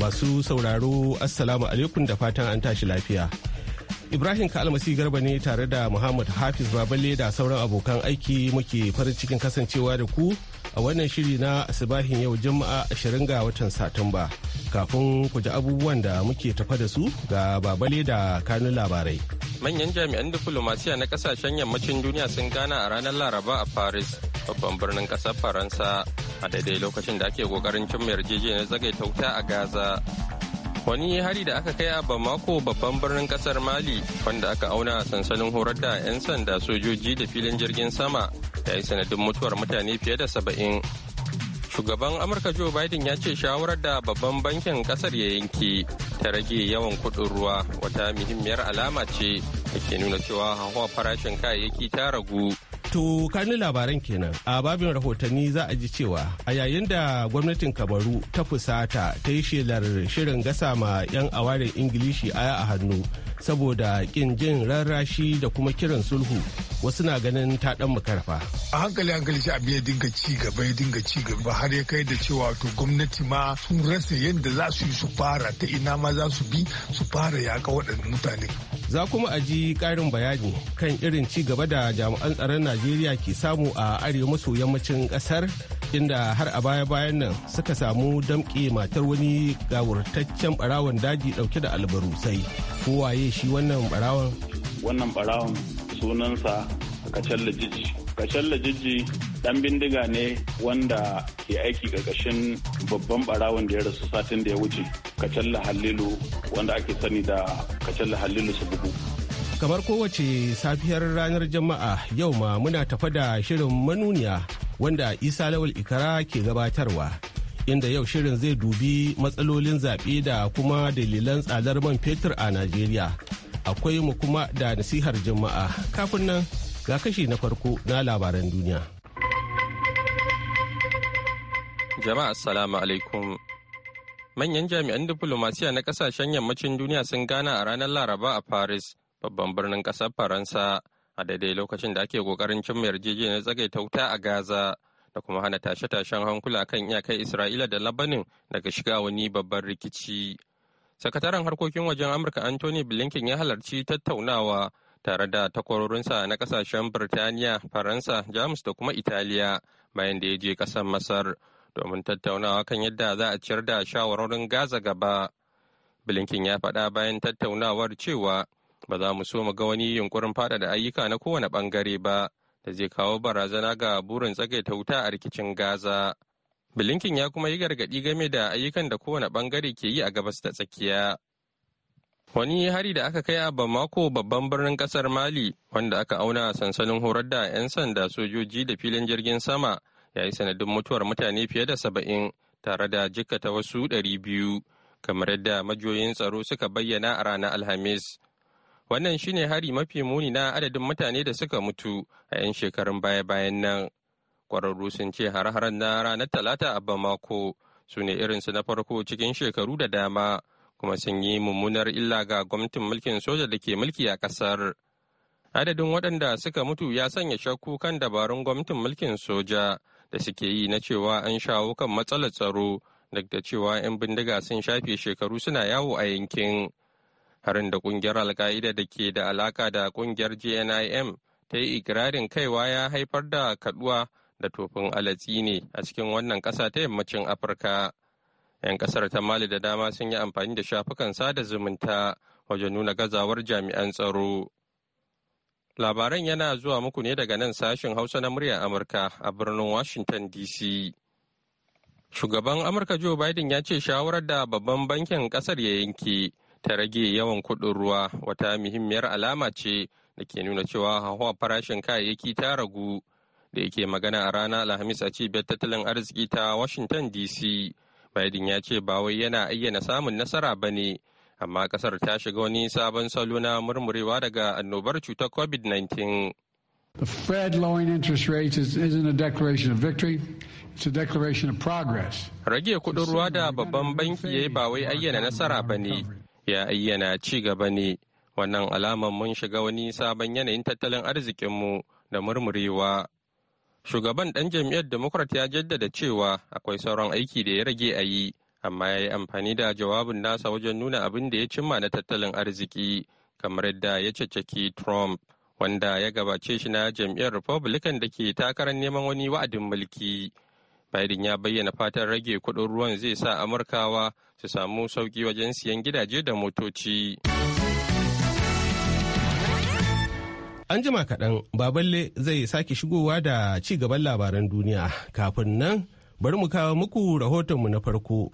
Masu sauraro Assalamu alaikum da fatan an tashi lafiya. Ibrahim almasi Garba ne tare da Muhammad Hafiz Baballe da sauran abokan aiki muke farin cikin kasancewa da ku a wannan shiri na asibahin yau juma'a 20 ga watan satumba kafin ku ji abubuwan da muke tafa da su ga babale da kanun labarai manyan jami'an diflomasiya na kasashen yammacin duniya sun gana a ranar laraba a paris babban birnin kasar faransa a daidai lokacin da ake kokarin cimma yarjejeniyar zagaita wuta a gaza wani hari da aka kai a bamako babban birnin kasar mali wanda aka auna a sansanin horar da 'yan sanda sojoji da filin jirgin sama ta yi sanadin mutuwar mutane fiye da saba'in shugaban amurka joe biden ya ce shawarar da babban bankin kasar ya yanke ta rage yawan kudin ruwa wata muhimmiyar alama ce da ke nuna cewa hawa farashin kayayyaki ta ragu To kani labaran kenan a babin rahotanni za a ji cewa a yayin da gwamnatin kabaru ta fusata ta yi shelar shirin gasa ma 'yan awarin ingilishi aya a hannu saboda kin jin rarrashi da kuma kiran sulhu wasu na ganin ta dan makarfa. A hankali hankali shi abin ya dinga ci gaba ya dinga ci gaba har ya kai da cewa to gwamnati ma sun rasa yadda za su yi su fara ta ina ma za su bi su fara yaƙa waɗannan mutane. Za kuma a ji ƙarin bayani kan irin ci gaba da jami'an tsaron Najeriya ke samu a arewa maso yammacin ƙasar inda har a baya-bayan nan suka samu damƙe matar wani gawurtaccen barawon daji ɗauke da albarusai kowaye shi wannan barawon wannan barawon sunansa kacalla jijji kacalla jijji dan bindiga ne wanda ke aiki ƙarƙashin babban barawon da ya rasu satin da ya wuce kacalla hallilu wanda ake sani da kacalla hallilu su bugu kamar kowace safiyar ranar jama'a yau ma muna tafa da shirin manuniya wanda isa lawal ikara ke gabatarwa inda yau shirin zai dubi matsalolin zaɓe da kuma dalilan tsadar man fetur a najeriya akwai mu kuma da nasihar jama'a kafin nan ga kashi na farko na labaran duniya jama'a assalamu alaikum manyan jami'an diflomasiya na kasashen yammacin duniya sun gana a ranar laraba a paris babban birnin ƙasar faransa a daidai lokacin da ake kokarin cimma yarjejeniyar ta wuta a Gaza da kuma hana tashe-tashen hankula kan iyakar Isra'ila da Labanin daga shiga wani babban rikici. Sakataren harkokin wajen Amurka Anthony Blinken ya halarci tattaunawa tare da takwarorinsa na kasashen Birtaniya, Faransa, Jamus da kuma Italiya bayan da ya je kasar Masar domin tattaunawa kan yadda za a ciyar da shawarorin Gaza gaba. Blinken ya faɗa bayan tattaunawar cewa ba za mu so mu ga wani yunkurin faɗaɗa ayyuka na kowane ɓangare ba da zai kawo barazana ga burin tsagaita wuta a rikicin gaza bilinkin ya kuma yi gargaɗi game da ayyukan da kowane ɓangare ke yi a gabas da tsakiya wani hari da aka kai a bamako babban birnin kasar mali wanda aka auna sansanin horar da 'yan sanda sojoji da filin jirgin sama ya yi sanadin mutuwar mutane fiye da saba'in tare da jikkata wasu ɗari biyu kamar yadda majiyoyin tsaro suka bayyana a ranar alhamis Wannan shine hari mafi muni na adadin mutane da suka mutu a 'yan shekarun baya-bayan nan. Kwararru sun ce har-haren na ranar Talata a Bamako su ne irinsu na farko cikin shekaru da dama kuma sun yi mummunar illa ga gwamnatin mulkin soja da ke mulki a ƙasar. Adadin waɗanda suka mutu ya sanya shakku kan dabarun gwamnatin mulkin soja da suke yi na cewa an shawo kan matsalar tsaro duk da cewa 'yan bindiga sun shafe shekaru suna yawo a yankin. harin da kungiyar alka'ida da ke da alaka da kungiyar gnim ta yi ikirarin kaiwa ya haifar da kaduwa da tofin alatsi ne a cikin wannan ƙasa ta yammacin afirka 'yan ƙasar ta mali da dama sun yi amfani da shafukan sada zumunta wajen nuna gazawar jami'an tsaro labaran yana zuwa muku ne daga nan sashen hausa na muryar amurka a birnin washington dc shugaban amurka joe biden ya ce shawarar da babban bankin kasar ya yanke ta rage yawan kuɗin ruwa wata muhimmiyar alama ce da ke nuna cewa hawa farashin kayayyaki ta ragu da yake magana a rana alhamis a cibiyar tattalin arziki ta washington dc biden ya ce ba wai yana ayyana samun nasara ba ne amma kasar ta shiga wani sabon salo na murmurewa daga annobar cutar covid-19 The Fed lowering progress. Rage kuɗin ruwa da babban banki ya yi ba wai ayyana nasara ba ne, ya ayyana ci gaba ne wannan alaman mun shiga wani sabon yanayin tattalin arzikinmu da murmurewa shugaban ɗan jam'iyyar democrat ya jaddada cewa akwai sauran aiki da ya rage a yi amma ya yi amfani da jawabin nasa wajen nuna abin da ya cimma na tattalin arziki kamar yadda ya caccaki trump wanda ya gabace shi na jam'iyyar republican da ke takarar neman wani wa'adin mulki Biden ya bayyana fatan rage kuɗin ruwan zai sa Amurkawa su samu sauki wajen siyan gidaje da motoci. An jima kaɗan baballe zai sake shigowa da ci gaban labaran duniya kafin nan bari mu kawo muku rahotonmu na farko.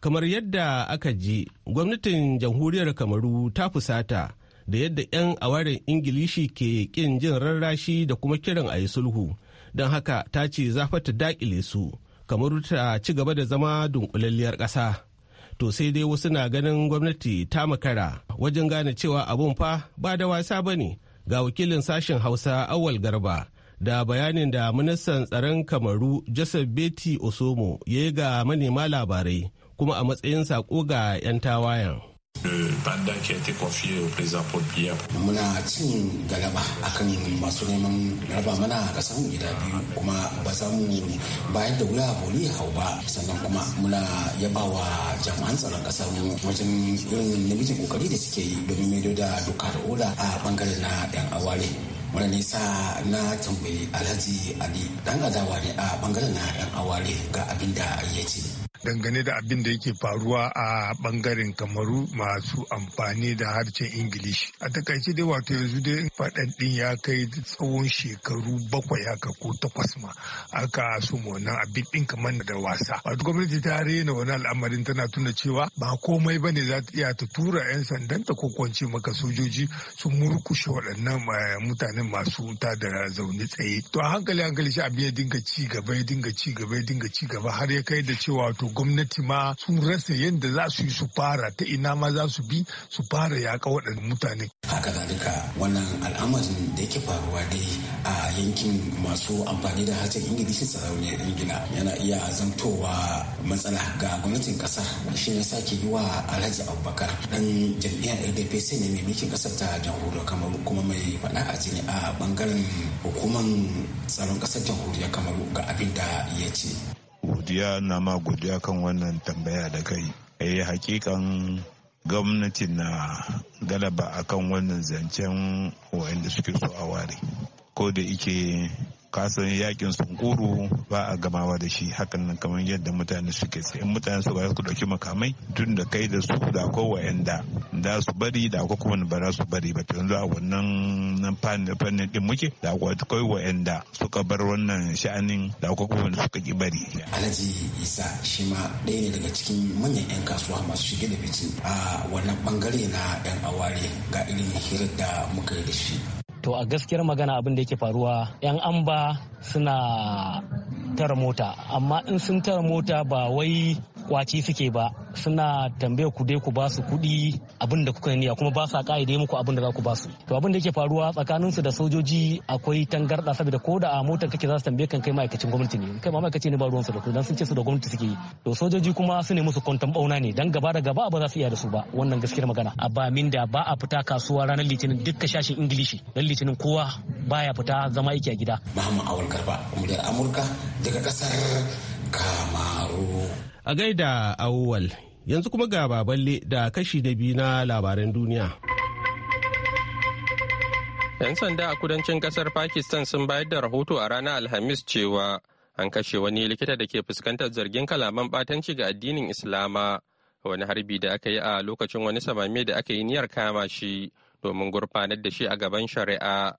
Kamar yadda aka ji gwamnatin jamhuriyar Kamaru ta fusata da yadda 'yan awarin Ingilishi ke ƙin jin rarrashi da kuma kiran a yi sulhu. don haka ta ce zafa ta dakile su kamar ta ci gaba da zama dunkulalliyar ƙasa to sai dai wasu na ganin gwamnati ta makara wajen gane cewa abun fa ba da wasa ba ne ga wakilin sashen hausa awal garba da bayanin da ministan tsaron kamaru joseph beti osomo ya yi ga manema labarai kuma a matsayin sako ga 'yan tawayan. banda qui a été confié au président Paul Biya. Muna cin galaba akan masu neman raba mana kasan gida biyu kuma ba bayar da wula boli hau ba sannan kuma muna yaba wa jami'an tsaron kasar mu wajen irin namijin kokari da suke yi domin maido da doka da oda a bangaren na yan aware. wani nisa na tambayi alhaji ali dan adawa ne a bangaren na yan aware ga abin da ya ce. dangane da abin da yake faruwa a bangaren kamaru masu amfani da harshen ingilishi a takaice dai wato yanzu dai ɗin ya kai tsawon shekaru bakwai haka ko takwas ma aka so wannan abin ɗin kamar da wasa wato gwamnati ta rena wani al'amarin tana tuna cewa ba komai bane za ta iya ta tura 'yan sandan ta kwance maka sojoji su murkushe waɗannan eh, mutanen masu wuta da zaune tsaye to a hankali hankali shi abin ya dinga ci gaba ya dinga ci gaba ya dinga ci gaba har ya kai da cewa to gwamnati ma sun rasa yadda za su yi su fara ta ina ma za su bi su fara yaƙa waɗanda mutane. Haka zalika wannan al'amarin da yake faruwa dai a yankin masu amfani da harshen Ingilishi sarauniyar Ingila yana iya zamtowa matsala ga gwamnatin ƙasar shi ya sake yi wa Alhaji Abubakar Dan jam'iyyar LDP sai ne mai mulkin ƙasar ta jamhuriyar Kamaru kuma mai faɗa a jini a ɓangaren hukumar tsaron ƙasar jamhuriyar Kamaru ga abin da ya ce. godiya na ma godiya kan wannan tambaya da kai yi eh, hakikan gwamnati na galaba akan wannan zancen wa'anda suke so a ware ko da ike kasan yakin sunkuru ba a gamawa da shi hakan nan kamar yadda mutane suke sai mutane su ba su dauki makamai tun da kai da su da ko wayanda da su bari da ko kuma ba za su bari ba yanzu a wannan nan fannin din muke da ko kai wayanda suka bar wannan sha'anin da ko kuma suka ki bari alhaji isa shi ma ɗaya ne daga cikin manyan yan kasuwa masu shige da fice a wannan bangare na yan awari ga irin hirar da muka yi da shi to a gaskiyar magana abin da yake faruwa 'yan amba suna tara mota amma in sun tara mota ba wai Kwaci suke ba suna tambayar ku dai ku ba su kuɗi abin da kuka niyya kuma ba sa ƙa'ide muku abin da za ku ba su to abin da yake faruwa tsakanin su da sojoji akwai tangarɗa saboda ko da a motar kake za su tambaye kan kai ma'aikacin gwamnati ne kai ma ma'aikaci ne ba ruwan su da dan sun ce su da gwamnati suke to sojoji kuma su ne musu kwantan bauna ne dan gaba da gaba ba za su iya da su ba wannan gaskiyar magana a ba min da ba a fita kasuwa ranar litinin dukkan shashin ingilishi ran litinin kowa baya fita zama yake a gida Muhammad Awal Garba muryar Amurka daga kasar kamaru a gaida awwal yanzu kuma ga baballe da kashi na biyu na labaran duniya 'Yan sanda a kudancin kasar Pakistan sun bayar da rahoto a ranar Alhamis cewa an kashe wani likita da ke fuskantar zargin kalaman batanci ga addinin Islama. Wani harbi da aka yi a lokacin wani samame da aka yi niyyar kama shi domin gurfanar da shi a gaban shari'a.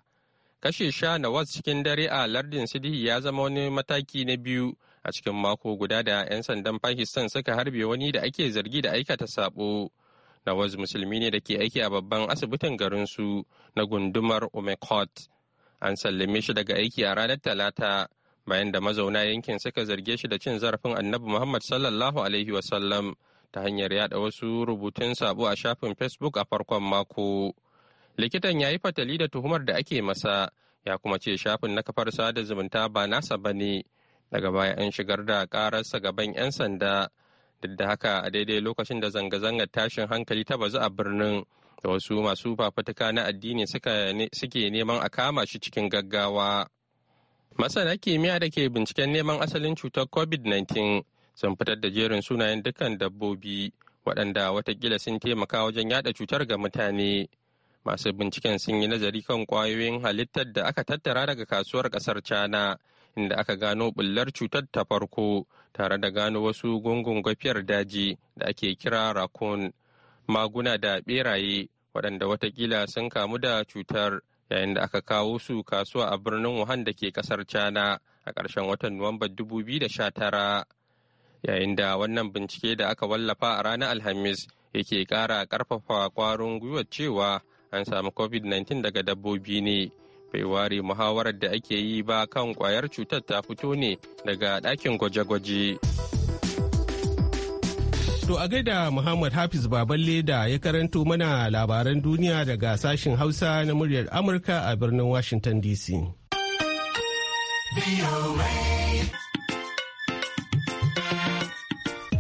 Kashe sha Nawaz cikin dare a lardin Sidihi ya zama wani mataki na biyu a cikin mako guda da 'yan sandan pakistan suka harbe wani da ake zargi da aikata sabo nawaz musulmi ne da ke aiki a babban asibitin garinsu na gundumar omekot an sallame shi daga aiki a ranar talata bayan da mazauna yankin suka zarge shi da cin zarafin annabi muhammad sallallahu alaihi wasallam ta hanyar yada wasu rubutun sabo a shafin facebook a farkon mako likitan ya yi fatali da tuhumar da ake masa ya kuma ce shafin na kafar sada zumunta ba nasa ba ne daga baya an shigar da ƙararsa gaban 'yan sanda duk da haka a daidai lokacin da zanga-zangar tashin hankali ta bazu a birnin da wasu masu fafutuka na addini suke neman a kama shi cikin gaggawa masana kimiyya da ke binciken neman asalin cutar covid-19 sun fitar da jerin sunayen dukkan dabbobi waɗanda watakila sun taimaka wajen yada cutar ga mutane masu binciken sun yi nazari kan kwayoyin halittar da aka tattara daga kasuwar ƙasar china inda aka gano bullar cutar ta farko tare da gano wasu gungun gafiyar daji da ake kira raccoon maguna da beraye waɗanda watakila sun kamu da cutar yayin da aka kawo su kasuwa a birnin wuhan da ke ƙasar china a ƙarshen watan nuwamba 2019 yayin da wannan bincike da aka wallafa a ranar alhamis yake ƙara ƙarfafa ƙwarin gwiwar cewa an samu covid-19 daga dabbobi ne. bai muhawarar da ake yi ba kan kwayar cutar ta fito ne daga ɗakin gwaje-gwaje. To a gaida Muhammad Hafiz Baballe da ya karanto mana labaran duniya daga sashen Hausa na muryar Amurka a birnin Washington DC.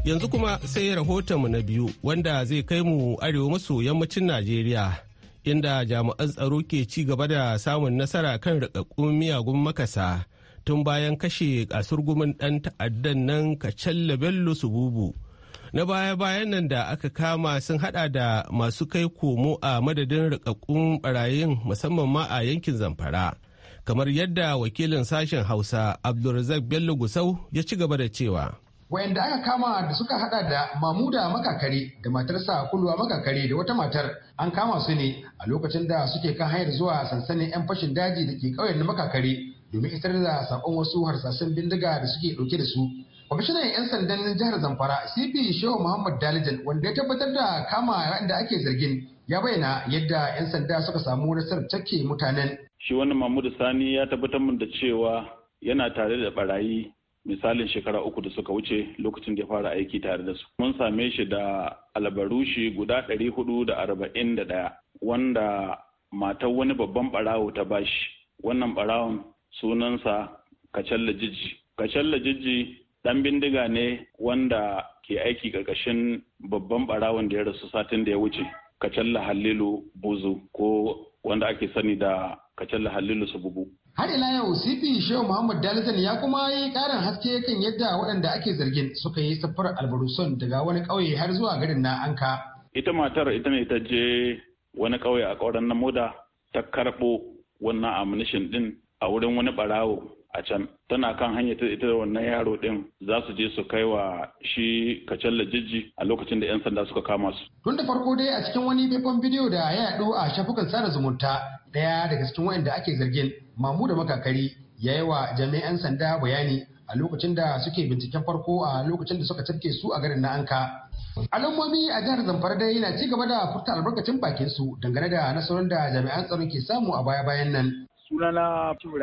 Yanzu kuma sai rahotonmu na biyu wanda zai kai mu arewa maso yammacin Najeriya. inda jami'an tsaro ke ci gaba da samun nasara kan rikakkun miyagun makasa tun bayan kashe kasurgumin ɗan ta'addan nan kacalla bello sububu na baya-bayan nan da aka kama sun hada da masu kai komo a madadin rikakkun barayin musamman ma a yankin zamfara kamar yadda wakilin sashen hausa abdulrazak bello gusau ya ci gaba da cewa wayanda aka kama da suka hada da mamuda makakare da matarsa kulwa makakare da wata matar an kama su ne a lokacin da suke kan hanyar zuwa sansanin 'yan fashin daji da ke ƙauyen makakare domin isar da sakon wasu harsasan bindiga da suke ɗauke da su kwamishinan 'yan sandan jihar zamfara cp shehu muhammad dalijan wanda ya tabbatar da kama da ake zargin ya bayyana yadda 'yan sanda suka samu nasarar cake mutanen shi wannan mamudu sani ya tabbatar min da cewa yana tare da barayi misalin shekara uku da suka wuce lokacin da ya fara aiki tare da su. Mun same shi da albarushi guda ɗari hudu da arba'in da ɗaya wanda matar wani babban ɓarawo ta bashi. Wannan ɓarawon sunansa Kacalla Jijji. Kacalla Jijji ɗan bindiga ne wanda ke aiki ƙarƙashin babban ɓarawon da ya rasu satin da ya wuce. Kacalla Halilu Buzu ko wanda ake sani da Kacalla Halilu Subugu. har ila yau cp shehu muhammad dalitan ya kuma yi karin haske kan yadda waɗanda ake zargin suka yi safarar albaruson daga wani ƙauye har zuwa garin na anka ita matar ita ne ta je wani ƙauye a ƙauren na ta karɓo wannan amnishin din a wurin wani ɓarawo a can tana kan hanya ta ita wannan yaro din za su je su kai wa shi kacalla jijji a lokacin da 'yan sanda suka kama su. Tun da farko dai a cikin wani faifan bidiyo da ya yaɗo a shafukan sada zumunta ɗaya daga cikin waɗanda ake zargin mamu da makakari ya yi wa jami'an sanda bayani a lokacin da suke binciken farko a lokacin da suka cafke su a garin na anka. Alamomi a jihar Zamfara dai yana ci gaba da furta albarkacin bakin su dangane da nasarar da jami'an tsaron ke samu a baya-bayan nan. Sunana Cibu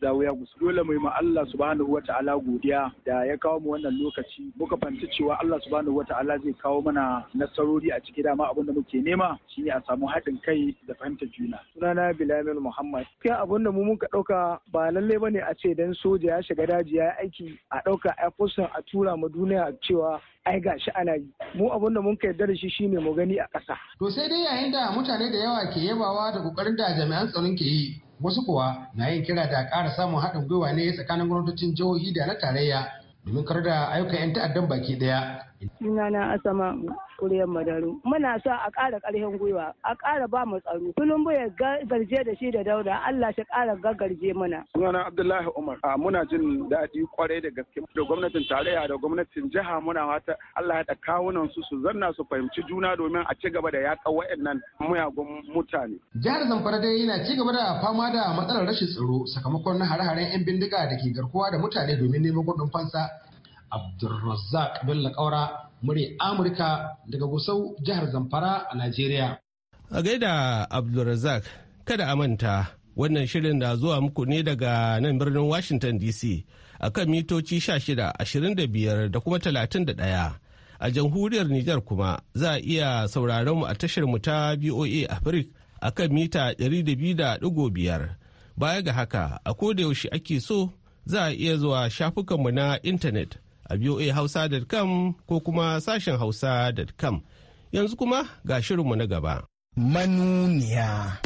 dawo ya gusu dole mu yi ma Allah subhanahu wata'ala godiya da ya kawo mu wannan lokaci muka fahimci cewa Allah subhanahu wata'ala zai kawo mana nasarori a cikin dama abin da muke nema shine a samu haɗin kai da fahimtar juna sunana Bilamin Muhammad kai abin da mu muka ɗauka ba lalle bane a ce dan soja ya shiga daji ya aiki a ɗauka a a tura mu duniya cewa ai ga shi ana yi mu abin da mun ka yarda da shi shine mu gani a ƙasa. To sai dai yayin da mutane da yawa ke yabawa da kokarin da jami'an tsaron ke yi wasu kuwa na yin kira da ƙara ƙara samun haɗin gwiwa ne tsakanin gwamnatocin jihohi da na tarayya domin kar da ayyukan 'yan ta'addan baki ɗaya Sunana Asama Kuriyar Madaru. Muna sa a ƙara ƙarfin gwiwa, a ƙara ba mu tsaro. Tulumbu ya garje da shi da dauda, Allah shi ƙara gagarje mana. Sunana Abdullahi Umar. A muna jin daɗi kwarai da gaske da gwamnatin tarayya da gwamnatin jiha muna wata Allah ya wunan su su zanna su fahimci juna domin a ci gaba da yaƙa waɗannan muyagun mutane. Jihar Zamfara dai yana ci gaba da fama da matsalar rashin tsaro sakamakon hare-haren 'yan bindiga da ke garkuwa da mutane domin neman kuɗin fansa Abdulrazak Bello Kaura murya Amurka daga Gusau jihar Zamfara a Najeriya. A gaida Abdulrazak, kada a manta wannan shirin da zuwa muku ne daga nan birnin Washington DC a kan mitoci 16, 25 da kuma 31. A jamhuriyar Nijar kuma za a iya sauraron mu a tashar mu ta BOA Africa a kan mita 200.5. Baya ga haka a koda yaushe ake so za a iya zuwa shafukanmu na intanet. a Hausa voahausa.com ko kuma sashen hausa.com. Yanzu kuma ga shirinmu na gaba. Manuniya.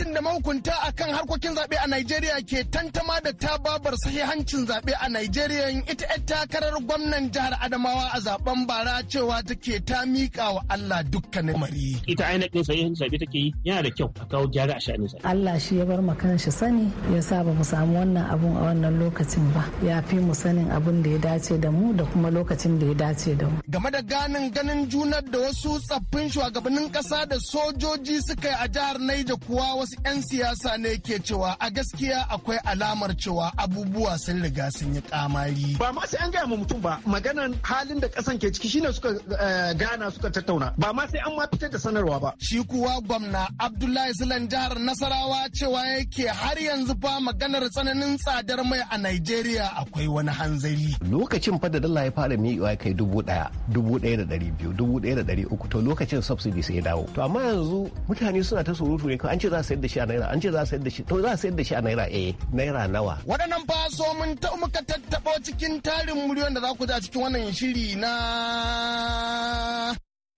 gwamnatin da mahukunta kan harkokin zaɓe a Najeriya ke tantama da tababar sahihancin zaɓe a Najeriya ita ƴar takarar gwamnan jihar Adamawa a zaben bara cewa take ta miƙa wa Allah dukkanin mari. Ita ainihin sahihancin zaɓe take yi yana da kyau a kawo gyara a sha'anin zaɓe. Allah shi ya bar makan shi sani ya sa ba mu samu wannan abun a wannan lokacin ba ya fi mu sanin abun da ya dace da mu da kuma lokacin da ya dace da mu. Game da ganin ganin junar da wasu tsaffin shugabannin ƙasa da sojoji suka yi a jihar Naija kuwa wasu wasu 'yan siyasa ne ke cewa a gaskiya akwai alamar cewa abubuwa sun riga sun yi kamari. Ba ma sai an gaya ma mutum ba maganan halin da kasan ke ciki shine suka eh, gana suka tattauna ba ma sai an ma fitar da sanarwa ba. Shi kuwa gwamna Abdullahi Zulan jihar Nasarawa cewa yake har yanzu ba maganar tsananin tsadar mai a Nigeria akwai wani hanzari. Lokacin fa da dala ya fara miƙewa kai dubu ɗaya, dubu ɗaya da ɗari biyu, dubu ɗaya da ɗari uku to lokacin subsidy sai ya dawo. To amma yanzu mutane suna ta surutu ne an ce za su sayar da shi a naira an ce za a sayar da shi to za a sayar da shi a naira eh naira nawa waɗannan faso so mun ta muka tattabo cikin tarin miliyon da za ku ji a cikin wannan shiri na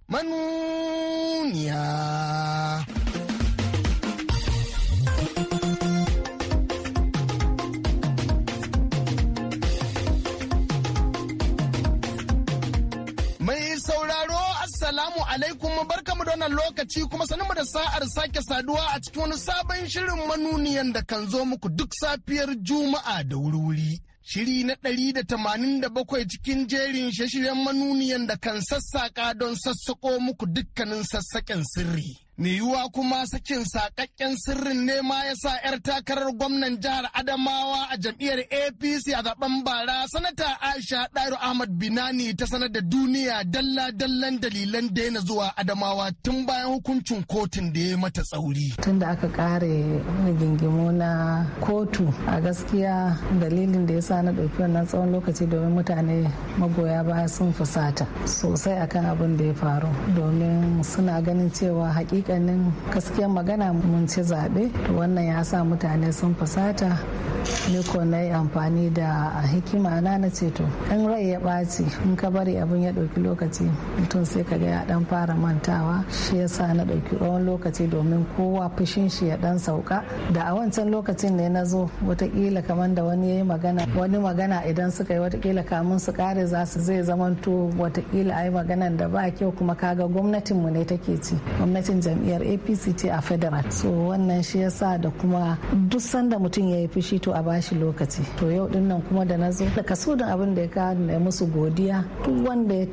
manuniya alaikum barkamu da wannan lokaci kuma sanin da sa'ar sake saduwa a cikin wani sabon shirin manuniyan da kan zo muku duk safiyar Juma'a da wuri-wuri. shiri na ɗari da tamanin da bakwai cikin jerin shirye-shiryen manuniyan da kan sassaƙa don sassaƙo muku dukkanin sassaƙen sirri. mai yiwuwa kuma sakin sakakken sirrin ne ma ya sa 'yar takarar gwamnan jihar Adamawa a jam'iyyar APC a zaben bara sanata Aisha Dairu Ahmad Binani ta sanar da duniya dalla-dallan dalilan daina zuwa Adamawa tun bayan hukuncin kotun da ya mata tsauri. Tun da aka kare rigingimu na kotu a gaskiya dalilin da ya sa na ɗauki wannan tsawon lokaci domin mutane magoya baya sun fusata sosai akan abin da ya faru domin suna ganin cewa haƙiƙa hakikanin gaskiyar magana mun ci zaɓe wannan ya sa mutane sun fusata ni ko na yi amfani da hikima na na ceto in rai ya ɓaci in ka bari abin ya ɗauki lokaci mutum sai ka ga ya ɗan fara mantawa shi ya sa na ɗauki tsawon lokaci domin kowa fushin shi ya ɗan sauka da a wancan lokacin ne na zo watakila kamar da wani ya yi magana wani magana idan suka yi watakila kamun su kare za su zai zamanto watakila a yi maganan da ba kyau kuma kaga gwamnatinmu ne take ci gwamnatin jam'iyyar apc ce a federal so wannan shi yasa da kuma duk sanda mutum ya yi fushi to a bashi lokaci to yau din nan kuma da na zo da kaso da abin da ya kawo da musu godiya duk wanda ya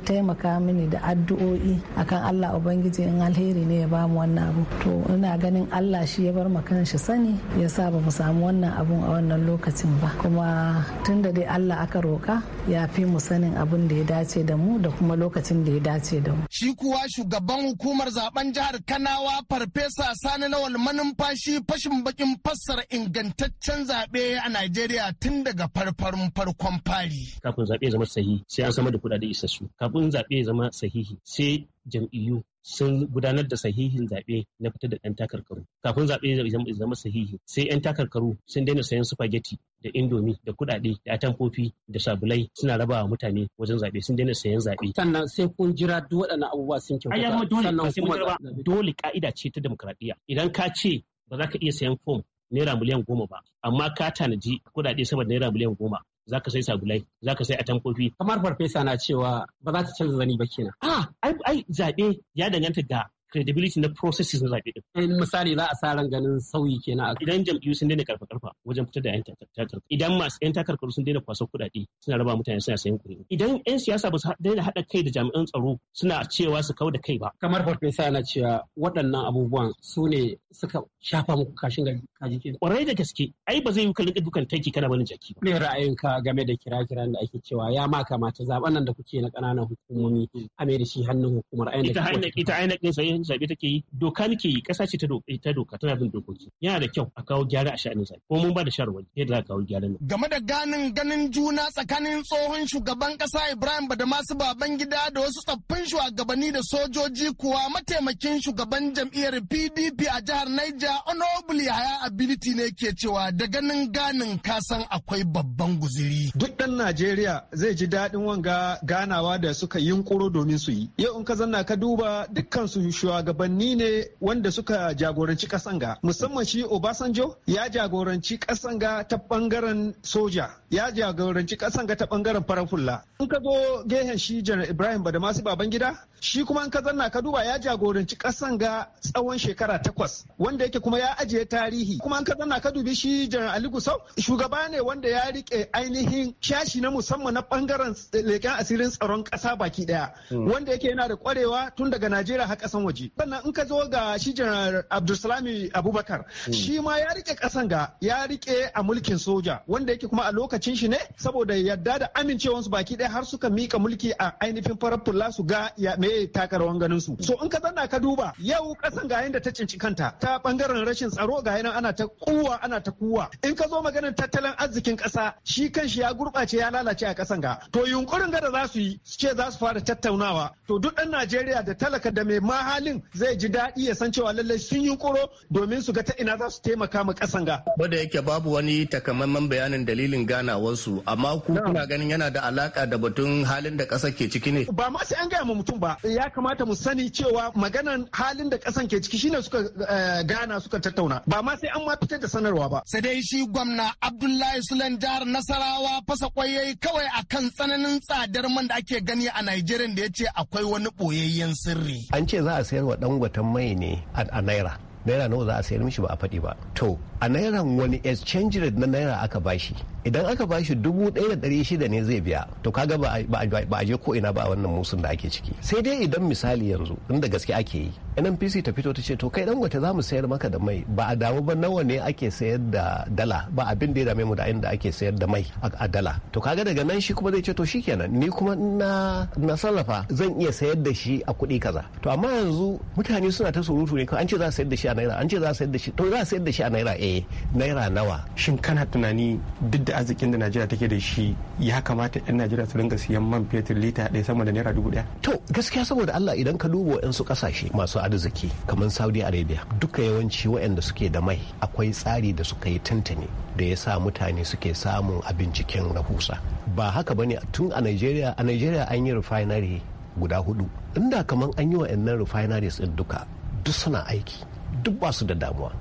taimaka mini da addu'o'i akan allah ubangiji in alheri ne ya ba mu wannan abu to ina ganin allah shi ya bar makan shi sani ya sa ba mu samu wannan abun a wannan lokacin ba kuma tun da dai allah aka roka ya fi mu sanin abin da ya dace da mu da kuma lokacin da ya dace da mu shi kuwa shugaban hukumar zaben jihar Kanawa Farfesa Sani Lawal manumfashi fashin bakin fassara ingantaccen zaɓe a Najeriya tun daga farfarin farkon fari. Kafin zaɓe zama sahihi sai an samar da kuɗaɗe isassu. Kafin zaɓe zama sahihi sai jam'iyyu sun gudanar da sahihin zaɓe na fitar da ɗan takarkaru kafin zaɓe zama sahihi sai 'yan takarkaru sun daina sayan spaghetti da indomi da kuɗaɗe da atamfofi da sabulai suna raba wa mutane wajen zaɓe sun daina sayan zaɓe sannan sai kun jira duk waɗannan abubuwa sun kyauta ai dole dole ka'ida ce ta demokradiyya idan ka ce ba za ka iya sayan fom naira miliyan goma ba amma ka tanaji kuɗaɗe saboda naira miliyan goma za ka sai sabulai za ka sai a tankofi kamar farfesa na cewa ba za ta canza zani ba kenan a ah, ai zaɓe ya danganta da. credibility na processes na zaɓe din. misali za a sa ran ganin sauyi kenan. Idan jam'iyyu sun daina karfa karfa wajen fitar da 'yan takarkar. Idan masu 'yan takarkar sun daina kwaso kuɗaɗe suna raba mutane suna sayan kuɗi. Idan 'yan siyasa ba su daina haɗa kai da jami'an tsaro suna cewa su kau da kai ba. Kamar farfesa na cewa waɗannan abubuwan su ne suka shafa muku kashin kaji ke. Ƙwarai da gaske ai ba zai yi kalin dukan tanki kana wani jaki ba. Me ra'ayinka game da kira-kiran da ake cewa ya ma kamata zaɓen nan da kuke na ƙananan hukumomi a mai da shi hannun hukumar INEC. Ita ainihin ita sha'anin zaɓe take yi doka nake yi ƙasa ce ta doka tana bin dokoki yana da kyau a kawo gyara a sha'anin zaɓe ko mun ba da ne yadda za a kawo gyara ne. game da ganin ganin juna tsakanin tsohon shugaban ƙasa ibrahim masu baban gida da wasu tsaffin shugabanni da sojoji kuwa mataimakin shugaban jam'iyyar pdp a jihar niger honorable yahaya ability ne ke cewa da ganin ganin kasan akwai babban guziri. duk ɗan najeriya zai ji daɗin wanga ganawa da suka yunkuro domin su yi yau in ka zanna ka duba dukkan su shugabanni ne wanda suka jagoranci kasan ga musamman shi Obasanjo ya jagoranci kasan ga ta bangaren soja ya jagoranci kasan ga ta bangaren farafulla in ka zo gehen shi Janar Ibrahim Badamasi Babangida shi kuma in ka zanna ka duba ya jagoranci kasan ga tsawon shekara takwas wanda yake kuma ya ajiye tarihi kuma in ka zanna ka dubi shi Janar Ali Gusau shugaba ne wanda ya rike ainihin shashi na musamman na bangaren leken asirin tsaron kasa baki daya hmm. wanda yake yana da kwarewa tun daga Najeriya har kasan waje sojoji sannan in ka zo ga shi janar abdulsalami abubakar hmm. shi ma ya rike kasan ga ya rike a mulkin soja wanda yake kuma a lokacin shi ne saboda yadda da amincewansu baki ɗaya har suka mika mulki a ainihin farar fulla su ga ya me takarawan ganin su so in ka zanna ka duba yau kasan ga yanda ta cinci kanta ta bangaren rashin tsaro ga yanan ana ta kuwa ana ta kuwa in ka zo maganar tattalin arzikin kasa shi kan shi ya gurɓace ya lalace a kasan ga to yunkurin ga da za su yi su ce za su fara tattaunawa to duk ɗan Najeriya da talaka da mai mahali filin zai ji daɗi ya san cewa lallai sun yi kuro domin su ga ta ina za su taimaka ma ƙasan ga. Wanda yake babu wani takamaiman bayanin dalilin ganawarsu amma ku kuna ganin yana da alaka da batun halin da ƙasa ke ciki ne. Ba ma sai an gaya ma mutum ba ya kamata mu sani cewa maganan halin da ƙasan ke ciki shine suka eh, gana suka tattauna ba ma sai an ma fitar da sanarwa ba. Sai dai shi gwamna Abdullahi Sulan jihar Nasarawa fasa kwayoyi kawai akan tsananin tsadar man da ake gani a Najeriya da ya ce akwai wani ɓoyayyen sirri. An ce za a sayarwa dangoten mai ne a naira naira nawa za a sayar mishi ba a faɗi ba to a naira wani exchange rate na naira aka bashi idan aka bashi dubu ɗaya da ɗari shida ne zai biya to kaga ba a je ko ina ba a wannan musun da ake ciki sai dai idan misali yanzu inda gaske ake yi nnpc ta fito ta ce to kai gwata za mu sayar maka da mai ba a damu ba nawa ne ake sayar da dala ba abin da ya dame mu da inda ake sayar da mai a dala to kaga daga nan shi kuma zai ce to shi kenan ni kuma na na sarrafa zan iya sayar da shi a kuɗi kaza to amma yanzu mutane suna ta surutu ne an ce za a sayar da shi a naira an ce za a sayar da shi to za a sayar da shi a naira eh naira nawa shin kana tunani duk da arzikin da najeriya take da shi ya kamata yan najeriya su dinga siyan man fetur lita ɗaya sama da naira dubu ɗaya to gaskiya saboda allah idan ka duba wa'yansu kasashe. masu arziki kamar saudi arabia duka yawanci wa'yanda suke da mai akwai tsari da suka yi tantane da ya sa mutane suke samun abin cikin rahusa ba haka ba ne tun a nigeria a nigeria an yi refinery guda hudu inda kamar an yi wa'annan refineries in duka duk suna aiki duk ba su da damuwa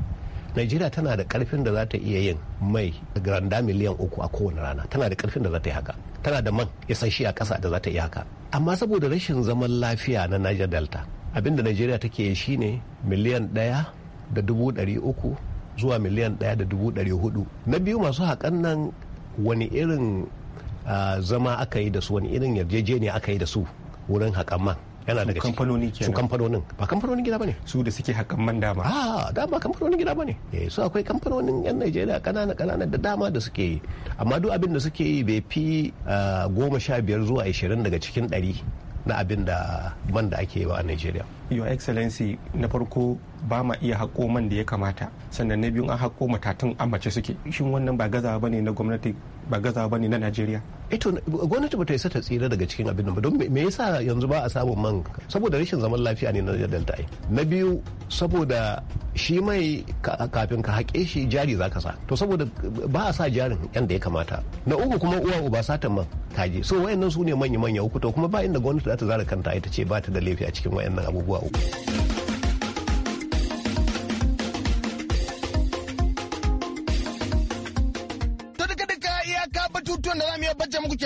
najeriya tana da karfin da za ta iya yin mai granda miliyan uku a kowane rana tana da karfin da za ta yi haka tana da man isasshe a ƙasa da za ta iya haka amma saboda rashin zaman lafiya na niger delta da najeriya take yi shine miliyan ɗaya da dubu ɗari uku zuwa miliyan ɗaya da dubu ɗari hudu na biyu masu haƙan nan wani irin ah, zama aka yi da su wani irin yarjejeniya aka yi da su wurin haƙan man yana daga kamfanoni kenan su kamfanonin ba kamfanonin gida bane su da suke hakan man dama a ah, dama kamfanonin gida bane eh su akwai kamfanonin yan Najeriya kanana kanana da dama da suke yi amma duk abin da suke yi bai fi ah, goma sha biyar zuwa ashirin daga cikin ɗari na abin da man da ake yi a Najeriya. Your Excellency na farko ba ma iya haƙo man da ya kamata sannan na biyu an haƙo matatan a mace suke shin wannan ba gazawa ne na gwamnati ba gaza ba ne na najeriya ito eh gwamnati bata isa ta tsira daga cikin abin ba don me yasa yanzu ba a samun man saboda rashin zaman lafiya ne na delta ai na biyu saboda shi mai kafin ka haƙe shi jari za ka sa to saboda ba a sa jarin yanda ya kamata na uku kuma uwa uba satan man je. so wayannan su ne manya manya uku to kuma ba inda gwamnati za ta zara kanta ita ce ba ta da laifi a cikin wayannan abubuwa uku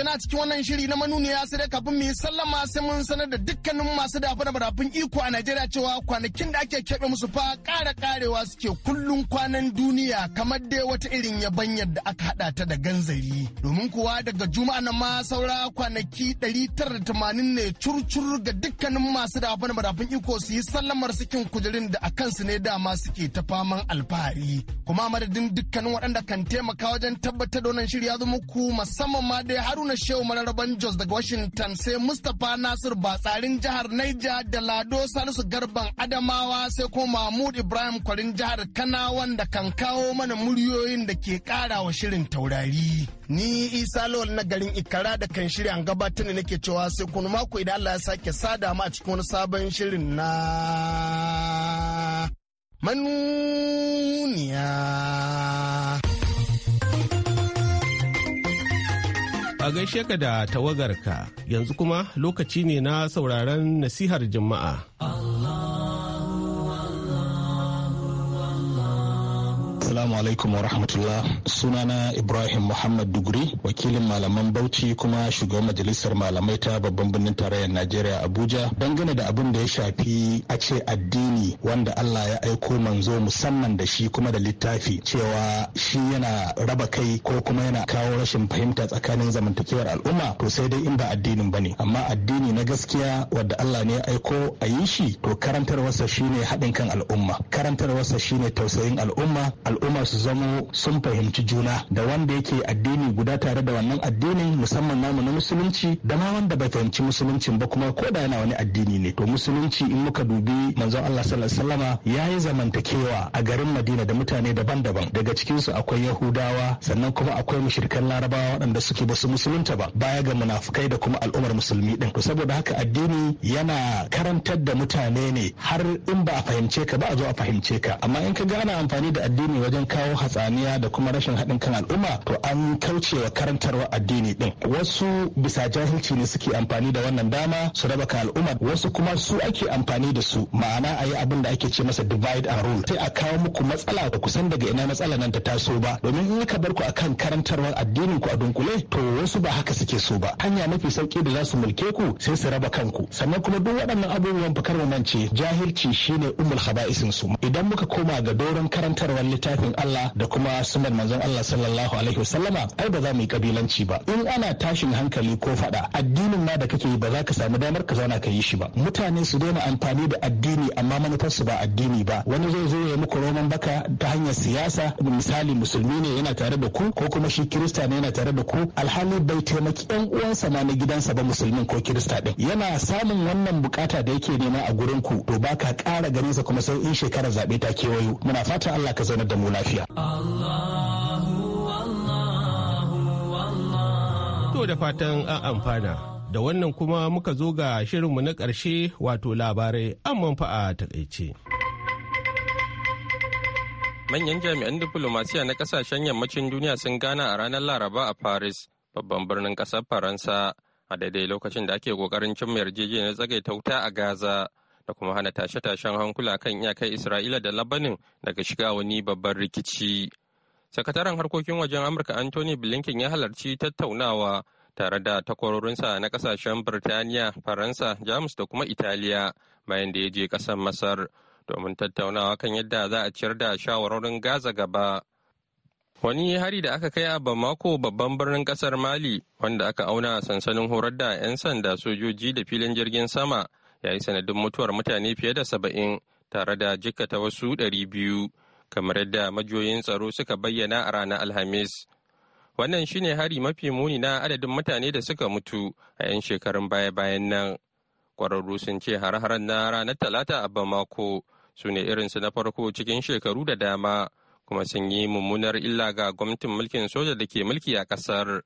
kenan na cikin wannan shiri na manuniya sai dai kafin mu yi sallama sai mun sanar da dukkanin masu dafa da barafin iko a Najeriya cewa kwanakin da ake keɓe musu fa ƙara ƙarewa suke kullun kwanan duniya kamar dai wata irin yabanyar da aka hada ta da ganzari. Domin kuwa daga juma'a na ma saura kwanaki 980 ne curcur ga dukkanin masu dafa da barafin iko su yi sallamar sukin kujerin da a kansu ne dama suke ta faman alfahari. Kuma madadin dukkanin waɗanda kan taimaka wajen tabbatar da wannan shiri ya zama muku musamman ma dai Haruna Haruna Shehu Mararaban Jos daga Washington sai Mustapha Nasir Batsarin jihar Naija da Lado Salisu Garban Adamawa sai kuma Mahmud Ibrahim Kwarin jihar Kana wanda kan kawo mana muryoyin da ke kara wa shirin taurari. Ni Isa Lawal na garin Ikara da kan shirya gabatar da nake cewa sai kuma mako idan Allah ya sake sada mu a cikin wani sabon shirin na manuniya. A gaishe ka da tawagarka yanzu kuma lokaci ne na sauraron nasihar jama'a. Assalamu alaikum wa rahmatullah. Sunana Ibrahim Muhammad Duguri, wakilin malaman Bauchi kuma shugaban majalisar malamai ta babban birnin tarayyar Najeriya Abuja. Dangane da abin da ya shafi a ce addini wanda Allah ya aiko manzo musamman da shi kuma da littafi cewa shi yana raba kai ko kuma yana kawo rashin fahimta tsakanin zamantakewar al'umma to sai dai in ba addinin bane amma addini na gaskiya wanda Allah ne ya aiko a yi shi to karantarwarsa shine haɗin kan al'umma karantarwarsa shine tausayin al'umma al'umma su zamo sun fahimci juna da wanda yake addini guda tare da wannan addinin musamman namu na musulunci da ma wanda bai fahimci musuluncin ba kuma ko da yana wani addini ne to musulunci in muka dubi manzon Allah sallallahu alaihi wasallama yayi zamantakewa a garin Madina da mutane daban-daban daga cikin su akwai Yahudawa sannan kuma akwai mushrikan Larabawa waɗanda suke basu musulunta ba baya ga munafukai da kuma al'ummar musulmi din saboda haka addini yana karantar da mutane ne har in ba a fahimce ka ba a zo a fahimce ka amma in ka gane amfani da addini wajen kawo hatsaniya da kuma rashin haɗin kan al'umma to an kauce wa karantarwa addini din wasu bisa jahilci ne suke amfani da wannan dama su raba kan al'umma wasu kuma su ake amfani da su ma'ana a yi abin da ake ce masa divide and rule sai a kawo muku matsala da kusan daga ina matsala nan ta taso ba domin in ka bar ku akan karantarwar addinin ku a dunkule to wasu ba haka suke so ba hanya mafi sauki da za su mulke ku sai su raba kanku sannan kuma duk waɗannan abubuwan fakar mu ce. jahilci shine umul haba'isin su idan muka koma ga doron karantarwar littafi littafin Allah da kuma sunan manzon Allah sallallahu alaihi wasallama ai ba za mu yi kabilanci ba in ana tashin hankali ko fada addinin ma da kake yi ba za ka samu damar ka zauna ka yi shi ba mutane su daina amfani da addini amma su ba addini ba wani zai zo ya muku roman baka ta hanyar siyasa misali musulmi ne yana tare da ku ko kuma shi kirista ne yana tare da ku alhali bai taimaki yan uwansa ma na gidansa ba musulmin ko kirista din yana samun wannan bukata da yake nema a gurin ku to baka ƙara ganin sa kuma sai in shekarar zabe ta kewayo muna fatan Allah ka zaunar da mu lafiya. To da fatan an amfana. Da wannan kuma muka zo ga shirinmu na ƙarshe wato labarai an manfa'a takaice. Manyan jami'an diplomasiya na kasashen yammacin duniya sun gana a ranar Laraba a Paris, babban birnin ƙasar Faransa, a daidai lokacin da ake ƙoƙarin cimma yarjejeniyar tsagaita wuta a Gaza. da kuma hana tashe-tashen hankula kan iyakar Isra'ila da Labanin daga shiga wani babban rikici. Sakataren harkokin wajen Amurka Anthony Blinken ya halarci tattaunawa tare da takwarorinsa na kasashen Birtaniya, Faransa, Jamus da kuma Italiya bayan da ya je ƙasar Masar domin tattaunawa kan yadda za a ciyar da shawarorin Gaza gaba. Wani hari da aka kai a Bamako babban birnin kasar Mali wanda aka auna sansanin horar da 'yan sanda sojoji da filin jirgin sama ya sanadin mutuwar mutane fiye da saba'in tare da jikkata wasu ɗari biyu kamar yadda majiyoyin tsaro suka bayyana a ranar alhamis wannan shine hari mafi muni na adadin mutane da suka mutu a 'yan shekarun baya-bayan nan kwararru sun ce har-haren na ranar talata a bamako su ne irinsu na farko cikin shekaru da dama kuma sun yi mummunar illa ga gwamnatin mulkin soja da ke mulki a ƙasar.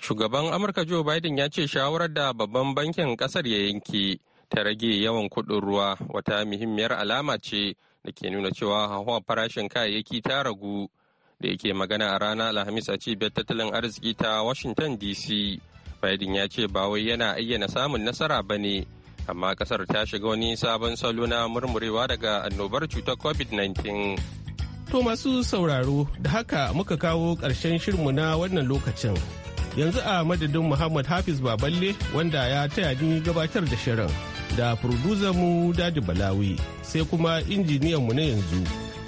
Shugaban Amurka Joe Biden ya ce shawarar da babban bankin kasar ya yanke ta rage yawan kuɗin ruwa wata muhimmiyar alama ce da ke nuna cewa hawa farashin kayayyaki ta ragu da yake magana a ranar Alhamis a cibiyar tattalin arziki ta Washington DC. Biden ya ce ba wai yana ayyana samun nasara ba ne, amma kasar ta shiga wani sabon salo na murmurewa daga annobar cutar COVID-19. To masu sauraro, da haka muka kawo ƙarshen shirmu na wannan lokacin. yanzu a madadin muhammad hafiz baballe wanda ya taya ni gabatar da shirin da mu dadi balawi sai kuma injiniyan mu na yanzu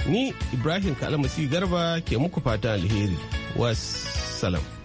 ni ibrahim kalmasi garba ke muku fata alheri wassalam.